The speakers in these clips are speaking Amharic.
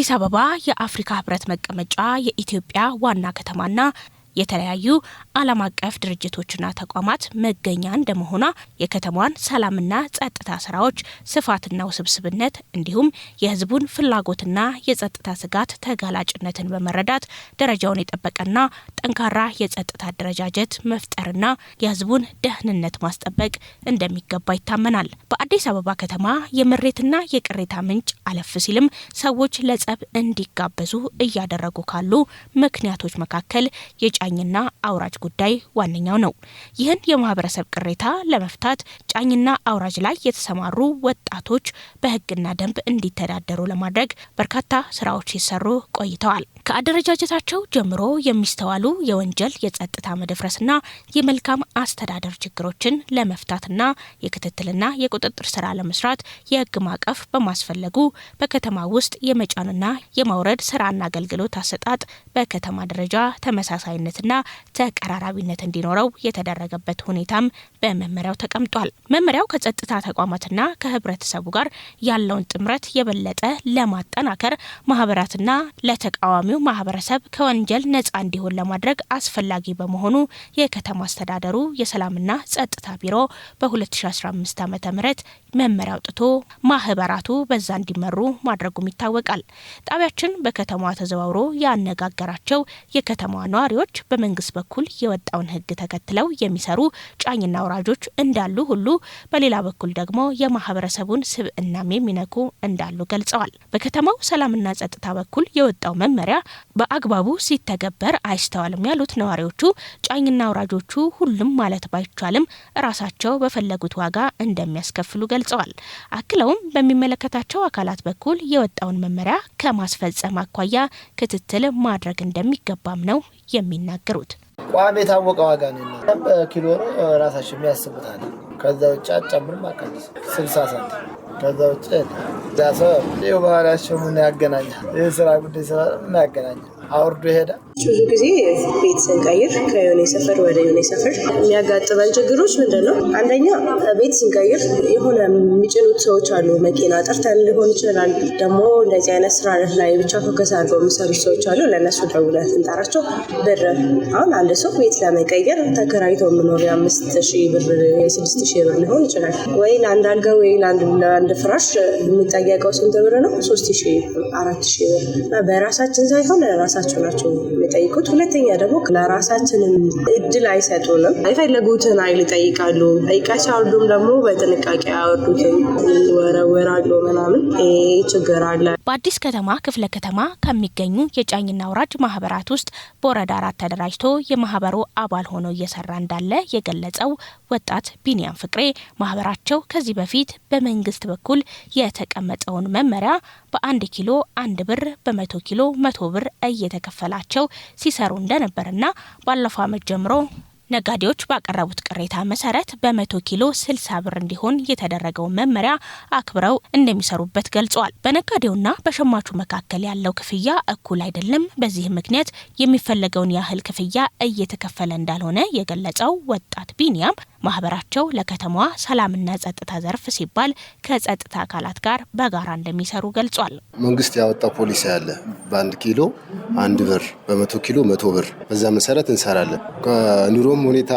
አዲስ አበባ የአፍሪካ ህብረት መቀመጫ የኢትዮጵያ ዋና ከተማና የተለያዩ ዓለም አቀፍ ድርጅቶችና ተቋማት መገኛ እንደመሆኗ የከተማዋን ሰላምና ጸጥታ ስራዎች ስፋትና ውስብስብነት እንዲሁም የሕዝቡን ፍላጎትና የጸጥታ ስጋት ተጋላጭነትን በመረዳት ደረጃውን የጠበቀና ጠንካራ የጸጥታ አደረጃጀት መፍጠርና የሕዝቡን ደህንነት ማስጠበቅ እንደሚገባ ይታመናል። በአዲስ አበባ ከተማ የምሬትና የቅሬታ ምንጭ አለፍ ሲልም ሰዎች ለጸብ እንዲጋበዙ እያደረጉ ካሉ ምክንያቶች መካከል ጫኝና አውራጅ ጉዳይ ዋነኛው ነው። ይህን የማህበረሰብ ቅሬታ ለመፍታት ጫኝና አውራጅ ላይ የተሰማሩ ወጣቶች በህግና ደንብ እንዲተዳደሩ ለማድረግ በርካታ ስራዎች ሲሰሩ ቆይተዋል። ከአደረጃጀታቸው ጀምሮ የሚስተዋሉ የወንጀል የጸጥታ መደፍረስና የመልካም አስተዳደር ችግሮችን ለመፍታትና የክትትልና የቁጥጥር ስራ ለመስራት የህግ ማዕቀፍ በማስፈለጉ በከተማ ውስጥ የመጫንና የማውረድ ስራና አገልግሎት አሰጣጥ በከተማ ደረጃ ተመሳሳይነትና ተቀራራቢነት እንዲኖረው የተደረገበት ሁኔታም በመመሪያው ተቀምጧል። መመሪያው ከጸጥታ ተቋማትና ከህብረተሰቡ ጋር ያለውን ጥምረት የበለጠ ለማጠናከር ማህበራትና ለተቃዋሚ ተጠቃሚው ማህበረሰብ ከወንጀል ነጻ እንዲሆን ለማድረግ አስፈላጊ በመሆኑ የከተማ አስተዳደሩ የሰላምና ጸጥታ ቢሮ በ2015 ዓ ም መመሪያ አውጥቶ ማህበራቱ በዛ እንዲመሩ ማድረጉም ይታወቃል። ጣቢያችን በከተማዋ ተዘዋውሮ ያነጋገራቸው የከተማዋ ነዋሪዎች በመንግስት በኩል የወጣውን ህግ ተከትለው የሚሰሩ ጫኝና ወራጆች እንዳሉ ሁሉ በሌላ በኩል ደግሞ የማህበረሰቡን ስብዕናም የሚነኩ እንዳሉ ገልጸዋል። በከተማው ሰላምና ጸጥታ በኩል የወጣው መመሪያ በአግባቡ ሲተገበር አይስተዋልም ያሉት ነዋሪዎቹ ጫኝና አውራጆቹ ሁሉም ማለት ባይቻልም ራሳቸው በፈለጉት ዋጋ እንደሚያስከፍሉ ገልጸዋል። አክለውም በሚመለከታቸው አካላት በኩል የወጣውን መመሪያ ከማስፈጸም አኳያ ክትትል ማድረግ እንደሚገባም ነው የሚናገሩት። ቋሚ የታወቀ ዋጋ ነው። በኪሎ ራሳቸው የሚያስቡታል። ከዛ ውጭ አጫምርም አቃዲስ ስልሳ ሳንቲም ከዛ ውጭ ሰው ይኸው ባህሪያቸው ምን ያገናኛል? ይህ ስራ ጉዳይ ስራ ምን ያገናኛል? አውርዶ ይሄዳል። ብዙ ጊዜ ቤት ስንቀይር ከየሆነ ሰፈር ወደ የሆነ ሰፈር የሚያጋጥመን ችግሮች ምንድን ነው? አንደኛ ቤት ስንቀይር የሆነ የሚጭኑት ሰዎች አሉ። መኪና ጠርተን ሊሆን ይችላል። ደግሞ እንደዚህ አይነት ስራ ላይ ብቻ ፎከስ አድርገው የሚሰሩ ሰዎች አሉ። ለእነሱ ደውለን ስንጠራቸው ብር አሁን አንድ ሰው ቤት ለመቀየር ተከራይቶ የምኖር የአምስት ሺህ ብር የስድስት ሺህ ብር ሊሆን ይችላል ወይ ለአንድ አልጋ ወይ ለአንድ ፍራሽ የሚጠየቀው ስንት ብር ነው? ሶስት ሺህ አራት ሺህ ብር በራሳችን ሳይሆን ራሳቸው ናቸው የሚጠይቁት። ሁለተኛ ደግሞ ለራሳችንም እድል አይሰጡንም። የፈለጉትን አይል ይጠይቃሉ። ጠይቃ ሲያወርዱም ደግሞ በጥንቃቄ አያወርዱትም፣ ይወረወራሉ ምናምን ችግር አለ። በአዲስ ከተማ ክፍለ ከተማ ከሚገኙ የጫኝና አውራጅ ማህበራት ውስጥ በወረዳ አራት ተደራጅቶ የማህበሩ አባል ሆኖ እየሰራ እንዳለ የገለጸው ወጣት ቢኒያም ፍቅሬ ማህበራቸው ከዚህ በፊት በመንግስት በኩል የተቀመጠውን መመሪያ በአንድ ኪሎ አንድ ብር በመቶ ኪሎ መቶ ብር እየተከፈላቸው ሲሰሩ እንደነበርና ባለፈው ዓመት ጀምሮ ነጋዴዎች ባቀረቡት ቅሬታ መሰረት በመቶ ኪሎ 60 ብር እንዲሆን የተደረገውን መመሪያ አክብረው እንደሚሰሩበት ገልጿል። በነጋዴውና በሸማቹ መካከል ያለው ክፍያ እኩል አይደለም። በዚህ ምክንያት የሚፈለገውን ያህል ክፍያ እየተከፈለ እንዳልሆነ የገለጸው ወጣት ቢኒያም ማህበራቸው ለከተማዋ ሰላምና ጸጥታ ዘርፍ ሲባል ከጸጥታ አካላት ጋር በጋራ እንደሚሰሩ ገልጿል። መንግስት ያወጣው ፖሊሲ አለ። በአንድ ኪሎ አንድ ብር፣ በመቶ ኪሎ መቶ ብር። በዛ መሰረት እንሰራለን። ከኑሮም ሁኔታ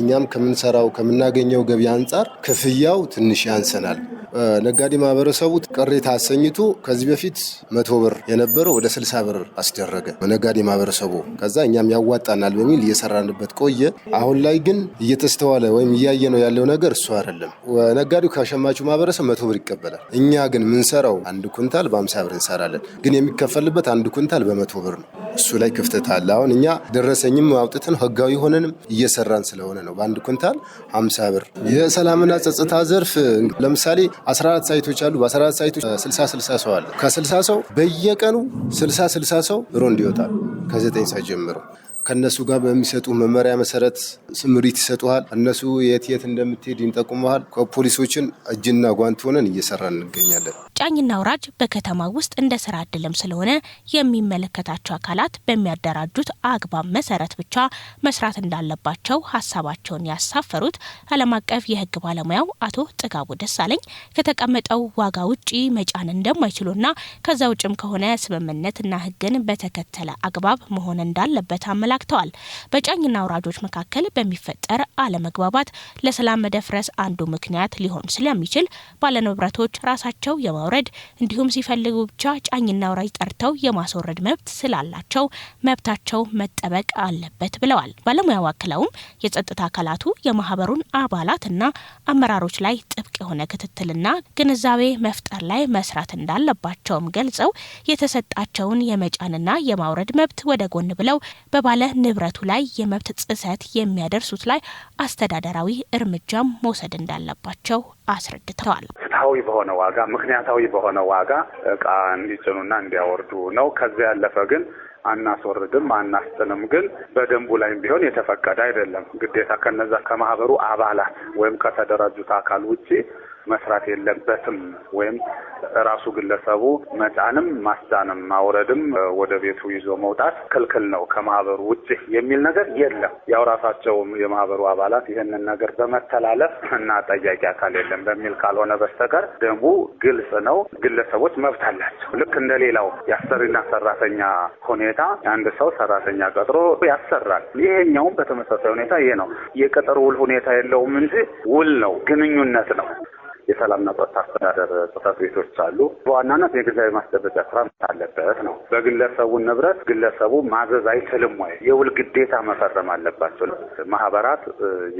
እኛም ከምንሰራው ከምናገኘው ገቢ አንጻር ክፍያው ትንሽ ያንሰናል። ነጋዴ ማህበረሰቡ ቅሬታ አሰኝቶ ከዚህ በፊት መቶ ብር የነበረው ወደ ስልሳ ብር አስደረገ ነጋዴ ማህበረሰቡ። ከዛ እኛም ያዋጣናል በሚል እየሰራንበት ቆየ። አሁን ላይ ግን እየተ እየተስተዋለ ወይም እያየ ነው ያለው ነገር እሱ አይደለም። ነጋዴው ከሸማቹ ማህበረሰብ መቶ ብር ይቀበላል። እኛ ግን ምንሰራው አንድ ኩንታል በአምሳ ብር እንሰራለን፣ ግን የሚከፈልበት አንድ ኩንታል በመቶ ብር ነው። እሱ ላይ ክፍተት አለ። አሁን እኛ ደረሰኝም አውጥተን ህጋዊ ሆነንም እየሰራን ስለሆነ ነው በአንድ ኩንታል ሀምሳ ብር። የሰላምና ጸጥታ ዘርፍ ለምሳሌ 14 ሳይቶች አሉ። በ14 ሳይቶች 60 60 ሰው አለ። ከ60 ሰው በየቀኑ 60 60 ሰው ሮንድ ይወጣል ከ9 ጀምሮ ከእነሱ ጋር በሚሰጡ መመሪያ መሰረት ስምሪት ይሰጡሃል። እነሱ የት የት እንደምትሄድ ይንጠቁመሃል። ከፖሊሶችን እጅና ጓንት ሆነን እየሰራን እንገኛለን። ጫኝና አውራጅ በከተማ ውስጥ እንደ ስራ እድልም ስለሆነ የሚመለከታቸው አካላት በሚያደራጁት አግባብ መሰረት ብቻ መስራት እንዳለባቸው ሀሳባቸውን ያሳፈሩት ዓለም አቀፍ የህግ ባለሙያው አቶ ጥጋቡ ደሳለኝ ከተቀመጠው ዋጋ ውጪ መጫን እንደማይችሉና ከዛ ውጭም ከሆነ ስምምነትና ህግን በተከተለ አግባብ መሆን እንዳለበት አመላክ ተነካክተዋል። በጫኝና አውራጆች መካከል በሚፈጠር አለመግባባት ለሰላም መደፍረስ አንዱ ምክንያት ሊሆን ስለሚችል ባለንብረቶች ራሳቸው የማውረድ እንዲሁም ሲፈልጉ ብቻ ጫኝና አውራጅ ጠርተው የማስወረድ መብት ስላላቸው መብታቸው መጠበቅ አለበት ብለዋል። ባለሙያው አክለውም የጸጥታ አካላቱ የማህበሩን አባላትና አመራሮች ላይ ጥብቅ የሆነ ክትትልና ግንዛቤ መፍጠር ላይ መስራት እንዳለባቸውም ገልጸው የተሰጣቸውን የመጫንና የማውረድ መብት ወደ ጎን ብለው በባለ በንብረቱ ላይ የመብት ጥሰት የሚያደርሱት ላይ አስተዳደራዊ እርምጃም መውሰድ እንዳለባቸው አስረድተዋል። ፍትሐዊ በሆነ ዋጋ፣ ምክንያታዊ በሆነ ዋጋ እቃ እንዲጭኑና እንዲያወርዱ ነው። ከዚያ ያለፈ ግን አናስወርድም አናስጥንም። ግን በደንቡ ላይም ቢሆን የተፈቀደ አይደለም። ግዴታ ከነዛ ከማህበሩ አባላት ወይም ከተደራጁት አካል ውጪ መስራት የለበትም ወይም ራሱ ግለሰቡ መጫንም ማስጫንም ማውረድም ወደ ቤቱ ይዞ መውጣት ክልክል ነው ከማህበሩ ውጭ የሚል ነገር የለም። ያው ራሳቸው የማህበሩ አባላት ይህንን ነገር በመተላለፍ እና ጠያቂ አካል የለም በሚል ካልሆነ በስተቀር ደንቡ ግልጽ ነው። ግለሰቦች መብት አላቸው። ልክ እንደሌላው የአሰሪና ሰራተኛ ሁኔታ አንድ ሰው ሰራተኛ ቀጥሮ ያሰራል። ይሄኛውም በተመሳሳይ ሁኔታ ይሄ ነው። የቅጥር ውል ሁኔታ የለውም እንጂ ውል ነው፣ ግንኙነት ነው። የሰላምና ጸጥታ አስተዳደር ጽሕፈት ቤቶች አሉ። በዋናነት የግንዛቤ ማስጨበጫ ስራ አለበት ነው። በግለሰቡን ንብረት ግለሰቡ ማዘዝ አይችልም ወይ? የውል ግዴታ መፈረም አለባቸው። ማህበራት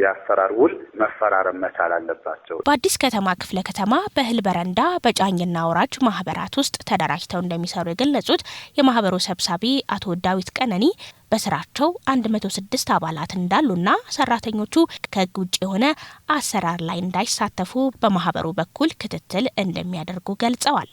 የአሰራር ውል መፈራረም መቻል አለባቸው። በአዲስ ከተማ ክፍለ ከተማ በእህል በረንዳ በጫኝና ወራጅ ማህበራት ውስጥ ተደራጅተው እንደሚሰሩ የገለጹት የማህበሩ ሰብሳቢ አቶ ዳዊት ቀነኒ በስራቸው 106 አባላት እንዳሉና ሰራተኞቹ ከህግ ውጭ የሆነ አሰራር ላይ እንዳይሳተፉ በማህበሩ በኩል ክትትል እንደሚያደርጉ ገልጸዋል።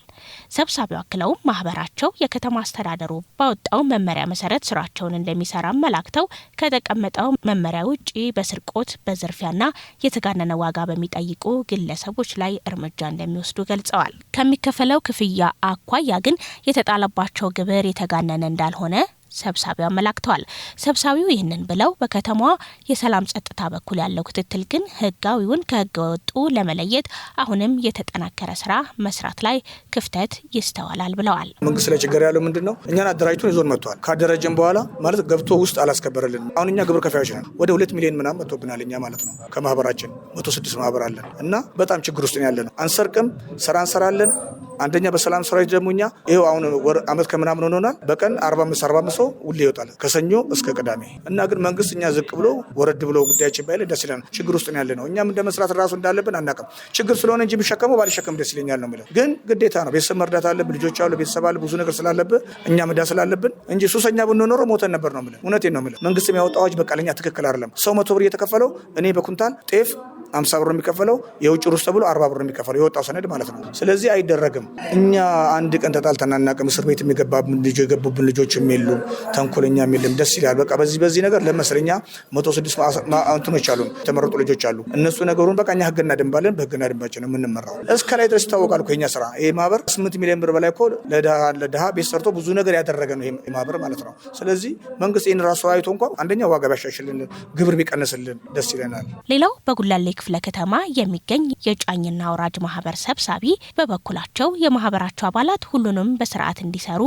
ሰብሳቢው አክለውም ማህበራቸው የከተማ አስተዳደሩ ባወጣው መመሪያ መሰረት ስራቸውን እንደሚሰራ መላክተው ከተቀመጠው መመሪያ ውጭ በስርቆት በዝርፊያና የተጋነነ ዋጋ በሚጠይቁ ግለሰቦች ላይ እርምጃ እንደሚወስዱ ገልጸዋል። ከሚከፈለው ክፍያ አኳያ ግን የተጣለባቸው ግብር የተጋነነ እንዳልሆነ ሰብሳቢው አመላክተዋል። ሰብሳቢው ይህንን ብለው በከተማዋ የሰላም ጸጥታ በኩል ያለው ክትትል ግን ህጋዊውን ከህገ ወጡ ለመለየት አሁንም የተጠናከረ ስራ መስራት ላይ ክፍተት ይስተዋላል ብለዋል። መንግስት ላይ ችግር ያለው ምንድን ነው? እኛን አደራጅቱን ይዞን መጥቷል። ካደረጀን በኋላ ማለት ገብቶ ውስጥ አላስከበረልንም። አሁን እኛ ግብር ከፋዮች ነን። ወደ ሁለት ሚሊዮን ምናምን መጥቶብናል። እኛ ማለት ነው ከማህበራችን መቶ ስድስት ማህበር አለን እና በጣም ችግር ውስጥ ያለ ነው። አንሰርቅም፣ ስራ እንሰራለን። አንደኛ በሰላም ሰራዊት ደግሞ እኛ ይኸው አሁን አመት ከምናምን ሆኖናል። በቀን አርባ አምስት አርባ አምስት ጨርሶ ውሌ ይወጣል ከሰኞ እስከ ቅዳሜ እና ግን መንግስት እኛ ዝቅ ብሎ ወረድ ብሎ ጉዳያችን ባይለ ደስ ይለናል። ችግር ውስጥ ነው ያለ ነው። እኛም እንደ መስራት ራሱ እንዳለብን አናውቅም። ችግር ስለሆነ እንጂ ብሸከመው ባልሸከም ደስ ይለኛል ነው የሚለው። ግን ግዴታ ነው። ቤተሰብ መርዳት አለብን። ልጆች አሉ፣ ቤተሰብ አለ፣ ብዙ ነገር ስላለብን እኛም እዳ ስላለብን እንጂ ሱሰኛ ብንኖረ ሞተን ነበር ነው የምልህ። እውነቴን ነው የምልህ። መንግስት የሚያወጣ አዋጅ በቃ ለኛ ትክክል አይደለም። ሰው መቶ ብር እየተከፈለው እኔ በኩንታል ጤፍ አምሳ ብር የሚከፈለው የውጭ ሩስ ተብሎ አርባ ብር የሚከፈለው የወጣው ሰነድ ማለት ነው። ስለዚህ አይደረግም። እኛ አንድ ቀን ተጣልተን አናውቅም። እስር ቤት የሚገባብን ልጅ የገቡብን ልጆች የሉም። ተንኮለኛ የለም። ደስ ይላል። በቃ በዚህ በዚህ ነገር ለመስለኛ መቶ ስድስት እንትኖች አሉ፣ የተመረጡ ልጆች አሉ። እነሱ ነገሩን በቃ እኛ ህግና ደንብ አለን፣ በህግና ደንባችን ነው የምንመራው። እስከ ላይ ድረስ ይታወቃል እኮ የኛ ስራ። ይህ ማህበር ስምንት ሚሊዮን ብር በላይ እኮ ለድሃ ቤት ሰርቶ ብዙ ነገር ያደረገ ነው ይህ ማህበር ማለት ነው። ስለዚህ መንግስት ይህን ራሱ አይቶ እንኳ አንደኛ ዋጋ ቢያሻሽልን፣ ግብር ቢቀንስልን ደስ ይለናል። ሌላው በጉላሌ ክፍለ ከተማ የሚገኝ የጫኝና አውራጅ ማህበር ሰብሳቢ በበኩላቸው የማህበራቸው አባላት ሁሉንም በስርዓት እንዲሰሩ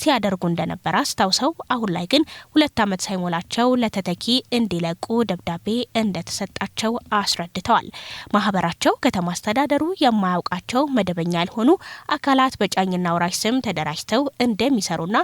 ሲያደርጉ እንደነበረ አስታውሰው አሁን ላይ ግን ሁለት ዓመት ሳይሞላቸው ለተተኪ እንዲለቁ ደብዳቤ እንደተሰጣቸው አስረድተዋል። ማህበራቸው ከተማ አስተዳደሩ የማያውቃቸው መደበኛ ያልሆኑ አካላት በጫኝና አውራጅ ስም ተደራጅተው እንደሚሰሩና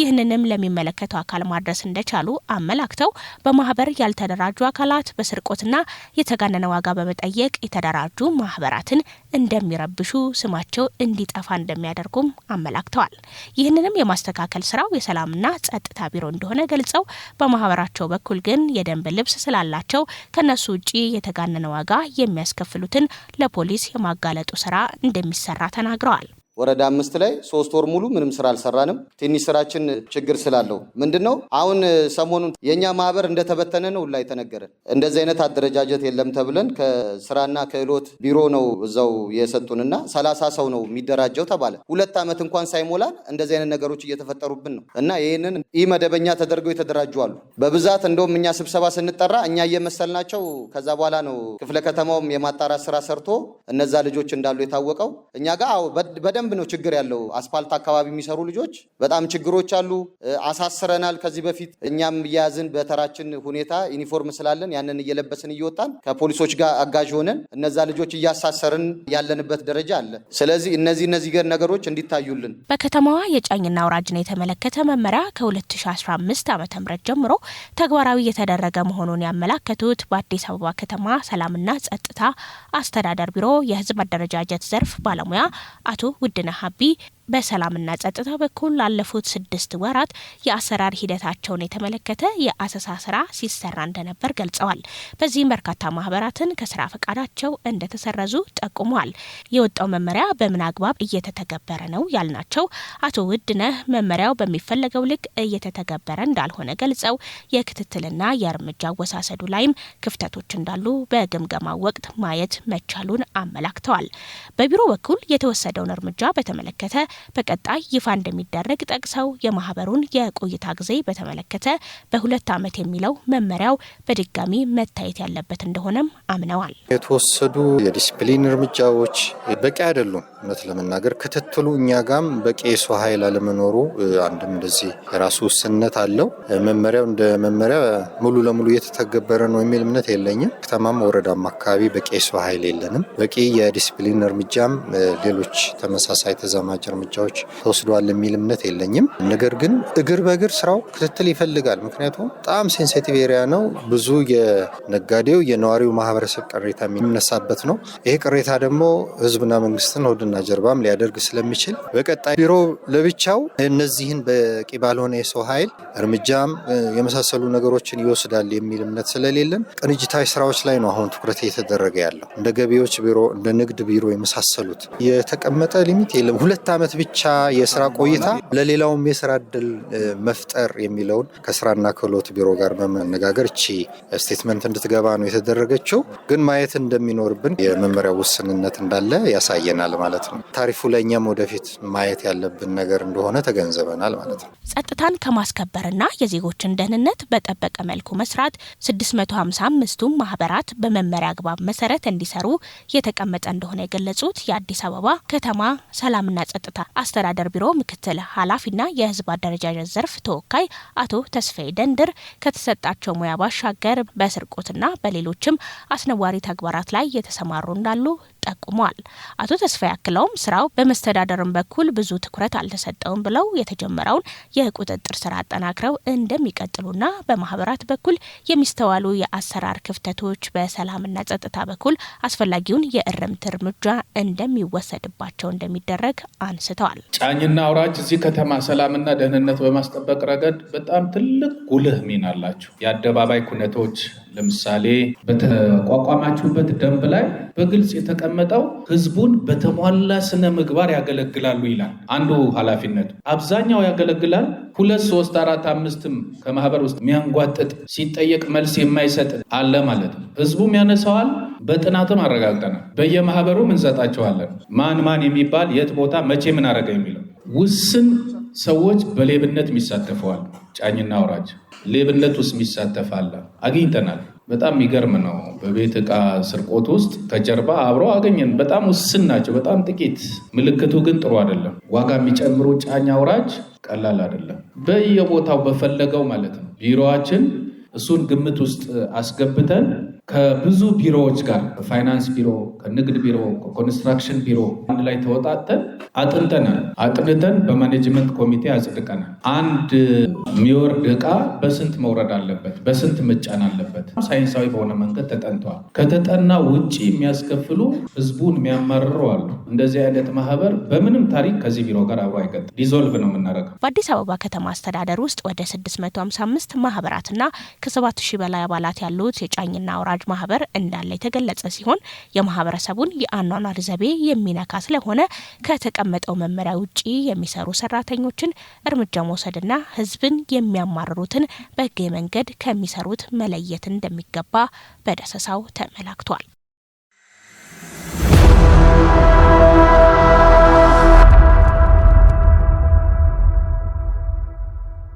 ይህንንም ለሚመለከተው አካል ማድረስ እንደቻሉ አመላክተው በማህበር ያልተደራጁ አካላት በስርቆትና የተጋነነ ዋጋ ዋጋ በመጠየቅ የተደራጁ ማህበራትን እንደሚረብሹ፣ ስማቸው እንዲጠፋ እንደሚያደርጉም አመላክተዋል። ይህንንም የማስተካከል ስራው የሰላምና ጸጥታ ቢሮ እንደሆነ ገልጸው በማህበራቸው በኩል ግን የደንብ ልብስ ስላላቸው ከነሱ ውጭ የተጋነነ ዋጋ የሚያስከፍሉትን ለፖሊስ የማጋለጡ ስራ እንደሚሰራ ተናግረዋል። ወረዳ አምስት ላይ ሶስት ወር ሙሉ ምንም ስራ አልሰራንም። ትንሽ ስራችን ችግር ስላለው ምንድን ነው አሁን ሰሞኑን የእኛ ማህበር እንደተበተነ ነው ላይ ተነገረን። እንደዚህ አይነት አደረጃጀት የለም ተብለን ከስራና ክህሎት ቢሮ ነው እዛው የሰጡንና ሰላሳ ሰው ነው የሚደራጀው ተባለ። ሁለት ዓመት እንኳን ሳይሞላን እንደዚህ አይነት ነገሮች እየተፈጠሩብን ነው እና ይህንን ኢ መደበኛ ተደርገው የተደራጁ አሉ በብዛት እንደውም እኛ ስብሰባ ስንጠራ እኛ እየመሰልናቸው ከዛ በኋላ ነው ክፍለ ከተማውም የማጣራት ስራ ሰርቶ እነዛ ልጆች እንዳሉ የታወቀው እኛ ጋር በደንብ በደንብ ነው ችግር ያለው። አስፋልት አካባቢ የሚሰሩ ልጆች በጣም ችግሮች አሉ። አሳስረናል። ከዚህ በፊት እኛም እያያዝን በተራችን ሁኔታ ዩኒፎርም ስላለን ያንን እየለበስን እየወጣን ከፖሊሶች ጋር አጋዥ ሆነን እነዛ ልጆች እያሳሰርን ያለንበት ደረጃ አለ። ስለዚህ እነዚህ እነዚህ ነገሮች እንዲታዩልን በከተማዋ የጫኝና አውራጅን የተመለከተ መመሪያ ከ2015 ዓ ም ጀምሮ ተግባራዊ የተደረገ መሆኑን ያመላከቱት በአዲስ አበባ ከተማ ሰላምና ጸጥታ አስተዳደር ቢሮ የህዝብ አደረጃጀት ዘርፍ ባለሙያ አቶ ውድ and happy በሰላምና ጸጥታ በኩል ላለፉት ስድስት ወራት የአሰራር ሂደታቸውን የተመለከተ የአሰሳ ስራ ሲሰራ እንደነበር ገልጸዋል። በዚህም በርካታ ማህበራትን ከስራ ፈቃዳቸው እንደተሰረዙ ጠቁመዋል። የወጣው መመሪያ በምን አግባብ እየተተገበረ ነው ያልናቸው አቶ ውድነህ መመሪያው በሚፈለገው ልክ እየተተገበረ እንዳልሆነ ገልጸው የክትትልና የእርምጃ አወሳሰዱ ላይም ክፍተቶች እንዳሉ በግምገማ ወቅት ማየት መቻሉን አመላክተዋል። በቢሮ በኩል የተወሰደውን እርምጃ በተመለከተ በቀጣይ ይፋ እንደሚደረግ ጠቅሰው የማህበሩን የቆይታ ጊዜ በተመለከተ በሁለት ዓመት የሚለው መመሪያው በድጋሚ መታየት ያለበት እንደሆነም አምነዋል። የተወሰዱ የዲስፕሊን እርምጃዎች በቂ አይደሉም። እውነት ለመናገር ክትትሉ እኛ ጋም በቂ የሰው ኃይል አለመኖሩ አንድም እንደዚህ የራሱ ውስንነት አለው። መመሪያው እንደ መመሪያ ሙሉ ለሙሉ እየተተገበረ ነው የሚል እምነት የለኝም። ከተማም ወረዳም አካባቢ በቂ የሰው ኃይል የለንም። በቂ የዲስፕሊን እርምጃም ሌሎች ተመሳሳይ ተዛማጅ እርምጃ እርምጃዎች ተወስደዋል የሚል እምነት የለኝም። ነገር ግን እግር በእግር ስራው ክትትል ይፈልጋል። ምክንያቱም በጣም ሴንሲቲቭ ኤሪያ ነው። ብዙ የነጋዴው የነዋሪው ማህበረሰብ ቅሬታ የሚነሳበት ነው። ይሄ ቅሬታ ደግሞ ህዝብና መንግስትን ሆድና ጀርባም ሊያደርግ ስለሚችል በቀጣይ ቢሮ ለብቻው እነዚህን በቂ ባልሆነ የሰው ኃይል እርምጃም የመሳሰሉ ነገሮችን ይወስዳል የሚል እምነት ስለሌለን ቅንጅታዊ ስራዎች ላይ ነው አሁን ትኩረት እየተደረገ ያለው እንደ ገቢዎች ቢሮ እንደ ንግድ ቢሮ የመሳሰሉት የተቀመጠ ሊሚት የለም። ሁለት ዓመት ብቻ የስራ ቆይታ ለሌላውም የስራ እድል መፍጠር የሚለውን ከስራና ክህሎት ቢሮ ጋር በመነጋገር እቺ ስቴትመንት እንድትገባ ነው የተደረገችው። ግን ማየት እንደሚኖርብን የመመሪያው ውስንነት እንዳለ ያሳየናል ማለት ነው። ታሪፉ ለእኛም ወደፊት ማየት ያለብን ነገር እንደሆነ ተገንዘበናል ማለት ነው። ጸጥታን ከማስከበርና የዜጎችን ደህንነት በጠበቀ መልኩ መስራት 655ቱም ማህበራት በመመሪያ አግባብ መሰረት እንዲሰሩ የተቀመጠ እንደሆነ የገለጹት የአዲስ አበባ ከተማ ሰላምና ጸጥታ አስተዳደር ቢሮ ምክትል ኃላፊና የህዝብ አደረጃጀት ዘርፍ ተወካይ አቶ ተስፋዬ ደንድር ከተሰጣቸው ሙያ ባሻገር በስርቆትና በሌሎችም አስነዋሪ ተግባራት ላይ የተሰማሩ እንዳሉ ጠቁመዋል። አቶ ተስፋ ያክለውም ስራው በመስተዳደርም በኩል ብዙ ትኩረት አልተሰጠውም ብለው የተጀመረውን የቁጥጥር ስራ አጠናክረው እንደሚቀጥሉና በማህበራት በኩል የሚስተዋሉ የአሰራር ክፍተቶች በሰላምና ጸጥታ በኩል አስፈላጊውን የእርምት እርምጃ እንደሚወሰድባቸው እንደሚደረግ አንስተዋል። ጫኝና አውራጅ እዚህ ከተማ ሰላምና ደህንነት በማስጠበቅ ረገድ በጣም ትልቅ ጉልህ ሚና አላቸው። የአደባባይ ኩነቶች ለምሳሌ በተቋቋማችሁበት ደንብ ላይ በግልጽ የተቀመጠው ህዝቡን በተሟላ ስነ ምግባር ያገለግላሉ ይላል። አንዱ ኃላፊነቱ አብዛኛው ያገለግላል። ሁለት ሶስት አራት አምስትም ከማህበር ውስጥ የሚያንጓጥጥ ሲጠየቅ መልስ የማይሰጥ አለ ማለት ነው። ህዝቡም ያነሳዋል። በጥናትም አረጋግጠናል። በየማህበሩም እንሰጣቸዋለን። ማን ማን የሚባል የት ቦታ መቼ ምን አረገ የሚለው ውስን ሰዎች በሌብነት የሚሳተፈዋል። ጫኝና አውራጅ ሌብነት ውስጥ የሚሳተፋለ አግኝተናል። በጣም የሚገርም ነው። በቤት ዕቃ ስርቆት ውስጥ ከጀርባ አብረው አገኘን። በጣም ውስን ናቸው፣ በጣም ጥቂት። ምልክቱ ግን ጥሩ አይደለም። ዋጋ የሚጨምሩ ጫኝ አውራጅ ቀላል አይደለም። በየቦታው በፈለገው ማለት ነው። ቢሮዋችን እሱን ግምት ውስጥ አስገብተን ከብዙ ቢሮዎች ጋር ከፋይናንስ ቢሮ፣ ከንግድ ቢሮ፣ ከኮንስትራክሽን ቢሮ አንድ ላይ ተወጣተን አጥንተናል። አጥንተን በማኔጅመንት ኮሚቴ አጽድቀናል። አንድ የሚወርድ ዕቃ በስንት መውረድ አለበት፣ በስንት መጫን አለበት፣ ሳይንሳዊ በሆነ መንገድ ተጠንተዋል። ከተጠና ውጭ የሚያስከፍሉ ህዝቡን የሚያማርሩ አሉ። እንደዚህ አይነት ማህበር በምንም ታሪክ ከዚህ ቢሮ ጋር አብሮ አይቀጥል። ዲዞልቭ ነው የምናደርገው። በአዲስ አበባ ከተማ አስተዳደር ውስጥ ወደ 655 ማህበራትና ከ7000 በላይ አባላት ያሉት የጫኝና አውራ ወላጅ ማህበር እንዳለ የተገለጸ ሲሆን የማህበረሰቡን የአኗኗር ዘቤ የሚነካ ስለሆነ ከተቀመጠው መመሪያ ውጪ የሚሰሩ ሰራተኞችን እርምጃ መውሰድና ህዝብን የሚያማርሩትን በህገ መንገድ ከሚሰሩት መለየት እንደሚገባ በደሰሳው ተመላክቷል።